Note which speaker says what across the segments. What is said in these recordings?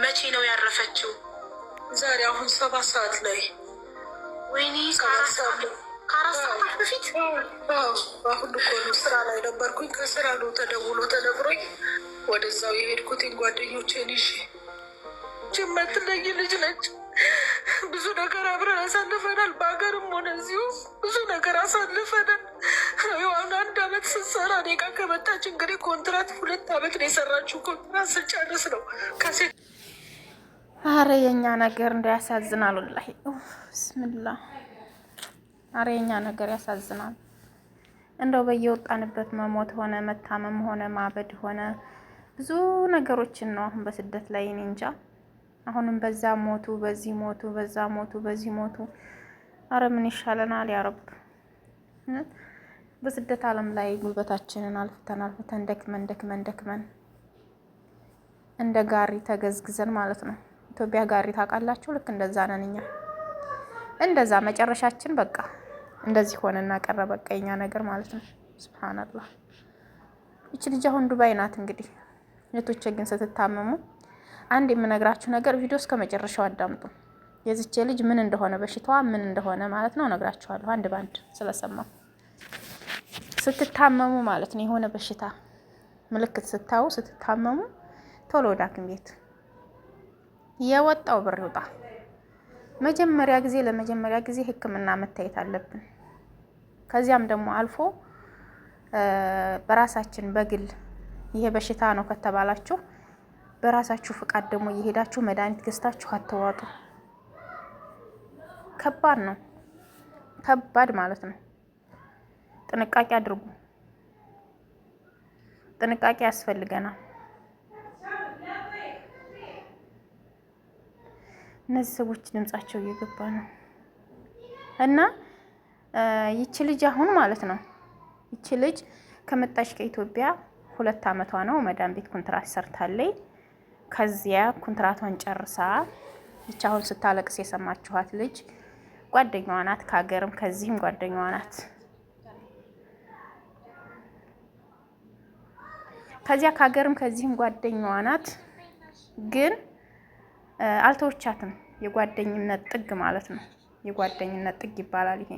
Speaker 1: መቼ ነው ያረፈችው?
Speaker 2: ዛሬ አሁን ሰባት ሰዓት ላይ። ወይኔ ከአራት ሰዓት በፊት አሁን እኮ ነው ስራ ላይ ነበርኩኝ። ከስራ ነው ተደውሎ ተነግሮኝ ወደዛው የሄድኩትን ጓደኞቼን ይዤ ለይ ልጅ ነች። ብዙ ነገር አብረን አሳልፈናል። በሀገርም ሆነ እዚሁ ብዙ ነገር አሳልፈናል። ዋን አንድ አመት ስሰራ እኔ ከመጣች እንግዲህ ኮንትራት ሁለት አመት ነው የሰራችው። ኮንትራት ስንጨርስ ነው ከሴት
Speaker 3: አረ የኛ ነገር እንደው ያሳዝናል። ወላሂ ብስምላ አረ የኛ ነገር ያሳዝናል። እንደው በየወጣንበት መሞት ሆነ መታመም ሆነ ማበድ ሆነ ብዙ ነገሮችን ነው አሁን በስደት ላይ እኔ እንጃ። አሁንም በዛ ሞቱ፣ በዚህ ሞቱ፣ በዛ ሞቱ፣ በዚህ ሞቱ። አረ ምን ይሻለናል? ያረብ በስደት ዓለም ላይ ጉልበታችንን አልፍተን አልፍተን ደክመን ደክመን ደክመን እንደ ጋሪ ተገዝግዘን ማለት ነው። ኢትዮጵያ ጋሪ ታውቃላችሁ። ልክ እንደዛ ነን እኛ። እንደዛ መጨረሻችን በቃ እንደዚህ ሆነና ቀረ በቃ የኛ ነገር ማለት ነው። ስብሓንላህ ይች ልጅ አሁን ዱባይ ናት። እንግዲህ እህቶቼ ግን ስትታመሙ አንድ የምነግራችሁ ነገር ቪዲዮ እስከ መጨረሻው አዳምጡ። የዚች ልጅ ምን እንደሆነ በሽታዋ ምን እንደሆነ ማለት ነው እነግራችኋለሁ። አንድ ባንድ ስለሰማሁ ስትታመሙ ማለት ነው የሆነ በሽታ ምልክት ስታዩ ስትታመሙ ቶሎ ወደ ሐኪም ቤት የወጣው ብር ይውጣ። መጀመሪያ ጊዜ ለመጀመሪያ ጊዜ ሕክምና መታየት አለብን። ከዚያም ደግሞ አልፎ በራሳችን በግል ይሄ በሽታ ነው ከተባላችሁ በራሳችሁ ፍቃድ ደግሞ እየሄዳችሁ መድኃኒት ገዝታችሁ አትዋጡ። ከባድ ነው፣ ከባድ ማለት ነው። ጥንቃቄ አድርጉ። ጥንቃቄ ያስፈልገናል። እነዚህ ሰዎች ድምጻቸው እየገባ ነው እና ይቺ ልጅ አሁን ማለት ነው ይቺ ልጅ ከመጣች ከኢትዮጵያ ሁለት አመቷ ነው። መዳን ቤት ኮንትራት ሰርታለይ። ከዚያ ኮንትራቷን ጨርሳ ይቺ አሁን ስታለቅስ የሰማችኋት ልጅ ጓደኛዋ ናት። ከሀገርም ከዚህም ጓደኛዋ ናት። ከዚያ ከሀገርም ከዚህም ጓደኛዋ ናት። ግን አልተወቻትም። የጓደኝነት ጥግ ማለት ነው። የጓደኝነት ጥግ ይባላል ይሄ።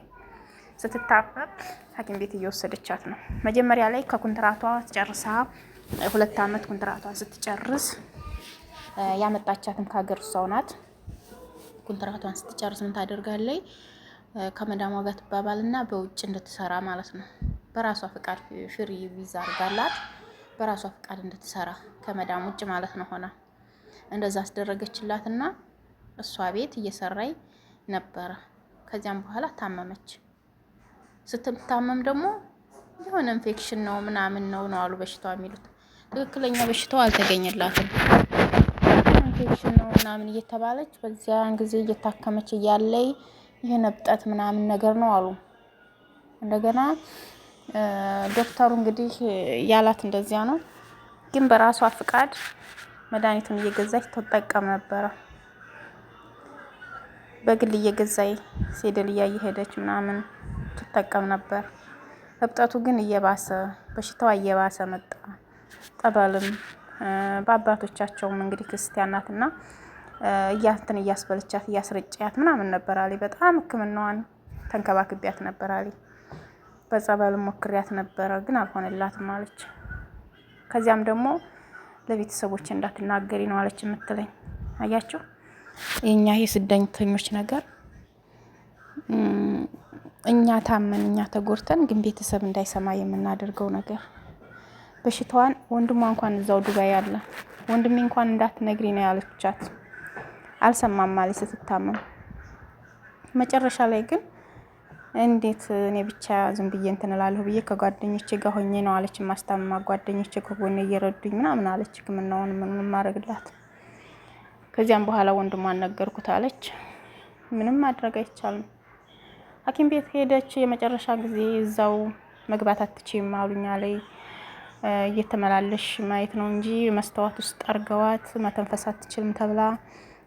Speaker 3: ስትታፈር ሐኪም ቤት እየወሰደቻት ነው። መጀመሪያ ላይ ከኩንትራቷ ጨርሳ ሁለት ዓመት ኩንትራቷ ስትጨርስ ያመጣቻትም ከሀገር እሷው ናት። ስትጨርስ ምን ታደርጋለች? ከመዳሟ ጋር ትባባልና በውጭ እንድትሰራ ማለት ነው። በራሷ ፍቃድ ፍሪ ቪዛ አድርጋላት በራሷ ፍቃድ እንድትሰራ ከመዳም ውጭ ማለት ነው። ሆና እንደዛ አስደረገችላትና እሷ ቤት እየሰራይ ነበረ። ከዚያም በኋላ ታመመች። ስትታመም ደግሞ የሆነ ኢንፌክሽን ነው ምናምን ነው ነው አሉ በሽታው የሚሉት ትክክለኛ በሽታው አልተገኘላትም። ኢንፌክሽን ነው ምናምን እየተባለች በዚያን ጊዜ እየታከመች እያለይ ይህ ነብጠት ምናምን ነገር ነው አሉ። እንደገና ዶክተሩ እንግዲህ ያላት እንደዚያ ነው፣ ግን በራሷ ፍቃድ መድኃኒቱን እየገዛች ትጠቀም ነበረ። በግል እየገዛይ ሴደልያ እየሄደች ምናምን ትጠቀም ነበር። እብጠቱ ግን እየባሰ በሽታዋ እየባሰ መጣ። ጠበልም በአባቶቻቸውም እንግዲህ ክርስቲያን ናትና እያንትን እያስበልቻት እያስረጫያት ምናምን ነበር አለ። በጣም ህክምናዋን ተንከባክቢያት ነበር አለ። በጸበል ሞክሪያት ነበረ ግን አልሆነላትም አለች። ከዚያም ደግሞ ለቤተሰቦች እንዳትናገሪ ነው አለች የምትለኝ። አያቸው የኛ ይሄ ስደተኞች ነገር እኛ ታመን እኛ ተጎድተን ግን ቤተሰብ እንዳይሰማ የምናደርገው ነገር በሽታዋን ወንድሟ እንኳን እዛው ዱባይ ያለ ወንድሜ እንኳን እንዳትነግሪ ነው ያለቻት። አልሰማም ማለት ስትታመም። መጨረሻ ላይ ግን እንዴት እኔ ብቻ ዝም ብዬ እንትን እላለሁ ብዬ ከጓደኞቼ ጋር ሆኜ ነው አለች። ማስታመማ ጓደኞቼ ከጎኔ እየረዱኝ ምናምን አለች። ህክምናውን ምን ማድረግላት ከዚያም በኋላ ወንድሟን ነገርኩት አለች። ምንም ማድረግ አይቻልም። ሐኪም ቤት ከሄደች የመጨረሻ ጊዜ እዛው መግባት አትችይም አሉኛ ላይ እየተመላለሽ ማየት ነው እንጂ መስታወት ውስጥ አድርገዋት መተንፈስ አትችልም ተብላ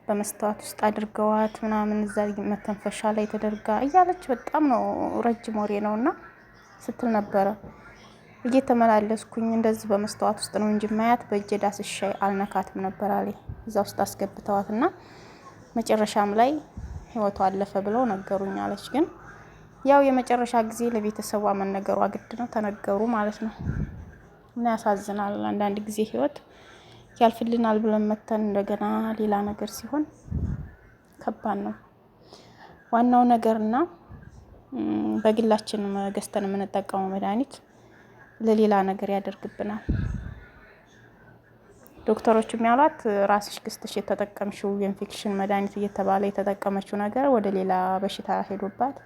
Speaker 3: በመስታወት ውስጥ አድርገዋት ምናምን እዛ መተንፈሻ ላይ ተደርጋ እያለች በጣም ነው ረጅም ወሬ ነው እና ስትል ነበረ። እየተመላለስኩኝ እንደዚህ በመስተዋት ውስጥ ነው እንጂ ማያት በእጄ ዳስሼ አልነካትም ነበር አለ። እዛ ውስጥ አስገብተዋት እና መጨረሻም ላይ ህይወቷ አለፈ ብለው ነገሩኝ አለች። ግን ያው የመጨረሻ ጊዜ ለቤተሰቧ መነገሯ ግድ ነው፣ ተነገሩ ማለት ነው። ምን ያሳዝናል። አንዳንድ ጊዜ ህይወት ያልፍልናል ብለን መተን እንደገና ሌላ ነገር ሲሆን ከባድ ነው። ዋናው ነገርና በግላችን ገዝተን የምንጠቀመው መድኃኒት ለሌላ ነገር ያደርግብናል። ዶክተሮች የሚያሏት ራስሽ ክስትሽ የተጠቀምሽው የኢንፌክሽን መድኃኒት እየተባለ የተጠቀመችው ነገር ወደ ሌላ በሽታ ሄዶባት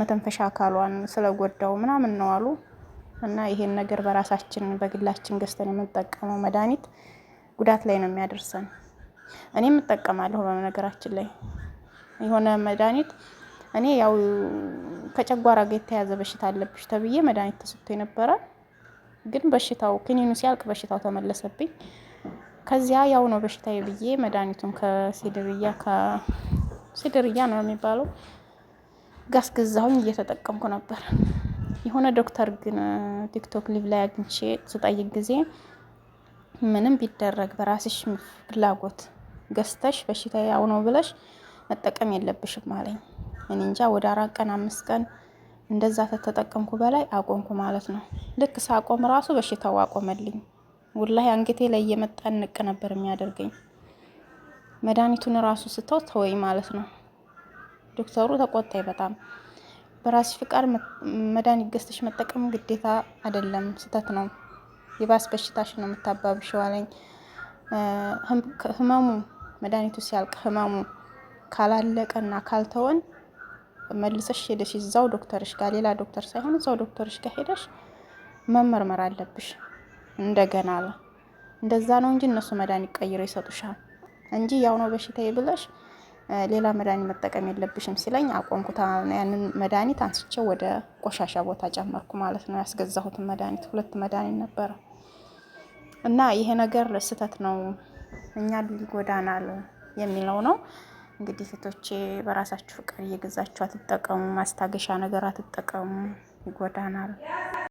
Speaker 3: መተንፈሻ አካሏን ስለጎዳው ምናምን ነው አሉ። እና ይሄን ነገር በራሳችን በግላችን ገዝተን የምንጠቀመው መድኃኒት ጉዳት ላይ ነው የሚያደርሰን። እኔም እጠቀማለሁ በነገራችን ላይ የሆነ መድኃኒት እኔ ያው ከጨጓራ ጋር የተያዘ በሽታ አለብሽ ተብዬ መድኃኒት ተሰጥቶ የነበረ ግን በሽታው ክኒኑ ሲያልቅ በሽታው ተመለሰብኝ። ከዚያ ያው ነው በሽታዬ ብዬ መድኃኒቱን ከሲድርያ ከሲድርያ ነው የሚባለው ጋስ ገዛሁኝ እየተጠቀምኩ ነበር። የሆነ ዶክተር ግን ቲክቶክ ሊቭ ላይ አግኝቼ ስጠይቅ ጊዜ ምንም ቢደረግ በራስሽ ፍላጎት ገዝተሽ በሽታ ያው ነው ብለሽ መጠቀም የለብሽም አለኝ። እኔ እንጃ ወደ አራት ቀን አምስት ቀን እንደዛ ተተጠቀምኩ በላይ አቆምኩ ማለት ነው። ልክ ሳቆም ራሱ በሽታው አቆመልኝ። ወላሂ አንገቴ ላይ እየመጣ ንቅ ነበር የሚያደርገኝ። መድኃኒቱን ራሱ ስተው ተወይ ማለት ነው። ዶክተሩ ተቆጣኝ በጣም። በራስሽ ፍቃድ መድኃኒት ገዝተሽ መጠቀም ግዴታ አይደለም፣ ስህተት ነው። የባስ በሽታሽ ነው የምታባብሸው አለኝ። ህመሙ መድኃኒቱ ሲያልቅ ህመሙ ካላለቀና ካልተወን መልሰሽ ሄደሽ እዛው ዶክተርሽ ጋር ሌላ ዶክተር ሳይሆን እዛው ዶክተርሽ ጋር ሄደሽ መመርመር አለብሽ እንደገና። እንደዛ ነው እንጂ እነሱ መድኃኒት ቀይሮ ይሰጡሻል እንጂ ያው ነው በሽታዬ ብለሽ ሌላ መድኃኒት መጠቀም የለብሽም ሲለኝ አቆምኩት። ያንን መድኃኒት አንስቸው ወደ ቆሻሻ ቦታ ጨመርኩ ማለት ነው። ያስገዛሁትን መድኃኒት ሁለት መድኃኒት ነበረ እና ይሄ ነገር ስህተት ነው፣ እኛ ሊጎዳናል የሚለው ነው። እንግዲህ እህቶቼ በራሳችሁ ፍቃድ እየገዛችሁ አትጠቀሙ። ማስታገሻ ነገር አትጠቀሙ፣ ይጎዳናል።